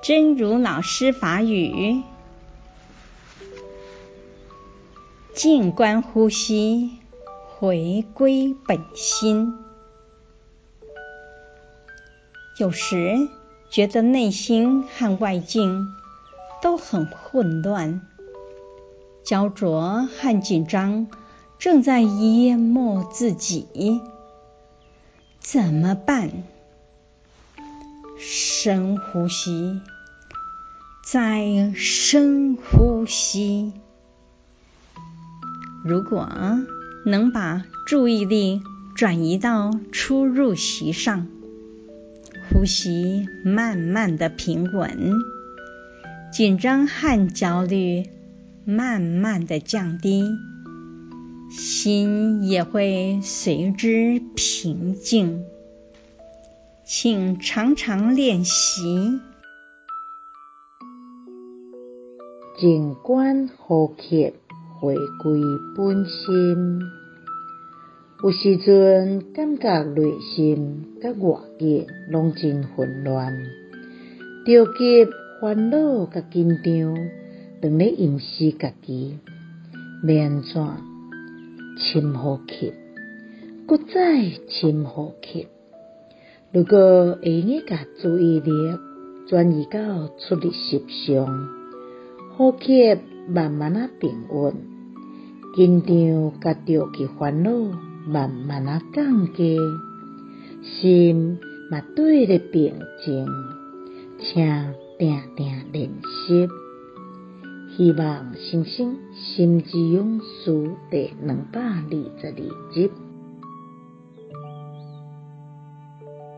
真如老師法語：靜觀呼吸，回歸本心。有時覺得內心和外境都很混亂、焦灼和緊張，正在淹沒自己。怎麼辦？深呼吸，再深呼吸。如果能把注意力轉移到出入息上，呼吸慢慢的平穩，緊張和焦慮慢慢的降低，心也會隨之平靜。請常常練習，靜觀呼吸，回歸本心。有時陣感覺內心甲外境攏真混亂，着急、煩惱、甲緊張，當咧掩飾家己，要安怎？深呼吸，擱再深呼吸。如果會用甲注意力轉移到出入息上，呼吸慢慢啊平穩，緊張甲着急煩惱慢慢啊降低，心也對的平靜，請定定練習。希望新生心之勇士第兩百二十二集。